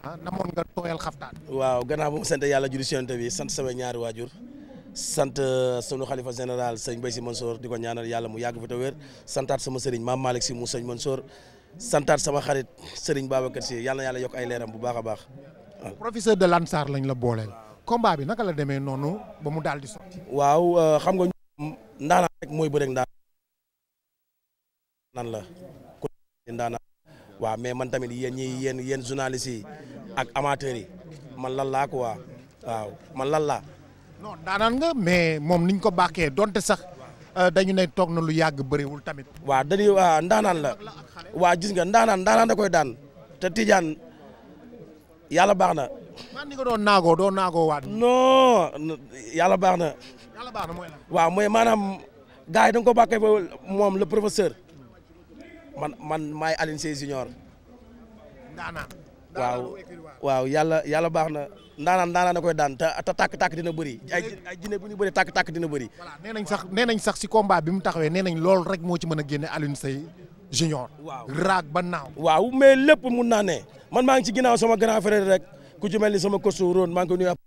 ah namoon nga tooyal xaftaan. waaw gannaaw ba mu sant yàlla julli si yonent sant sama ñaari waajur sant euh, sunu xalifa général sëñ Bay si Mansour di ko ñaanal yàlla mu yàgg fi te wér santaat sama sëriñ maam Malick si mu sëñ Mansour santaat sama xarit sëriñ Babacar si yàlla yàlla yokk ay leeram bu baax baax. professeur de Lansar lañ la booleel. combat bi naka la demee noonu ba mu daal di sotti. waaw euh, xam nga ndaanaan rek mooy bëreeg ndaanaan la. waaw mais man tamit yéen ñi yéen yéen journalistes yi ak amateur yi man lan laa quoi waaw man lan laa. non daanaan nga mais moom niñ ko bàkkee donte sax. Euh, dañu ne toog na lu yàgg bëriwul tamit. waa dañuy waaw ndaanaan la waa gis nga ndaanaan ndaanaan da koy daan te Tidiane yàlla baax na. man ni nga doon naagoo doon naagoo waat. yàlla baax na. yàlla baax na mooy la. waaw mooy maanaam gars yi da nga ko bàkkee moom la professeur. man man maay Alioune Sèye Junior. ndaanaan waaw waaw yàlla yàlla baax na ndaanaan ndaanaan na koy daan te te takk tàkk dina bëri. ay ay jinne bu ñu bëri tàkk-tàkk dina bëri. voilà nee nañ sax nee nañ sax si combat bi mu taxawee nee nañ loolu rek moo ci mën a génne Alioune Sèye Junior. waaw raag ba naaw. waaw mais lépp mun naa ne man maa ngi ci ginnaaw sama grand frère rek ku ci mel ni sama costaud maa ngi ko nuyu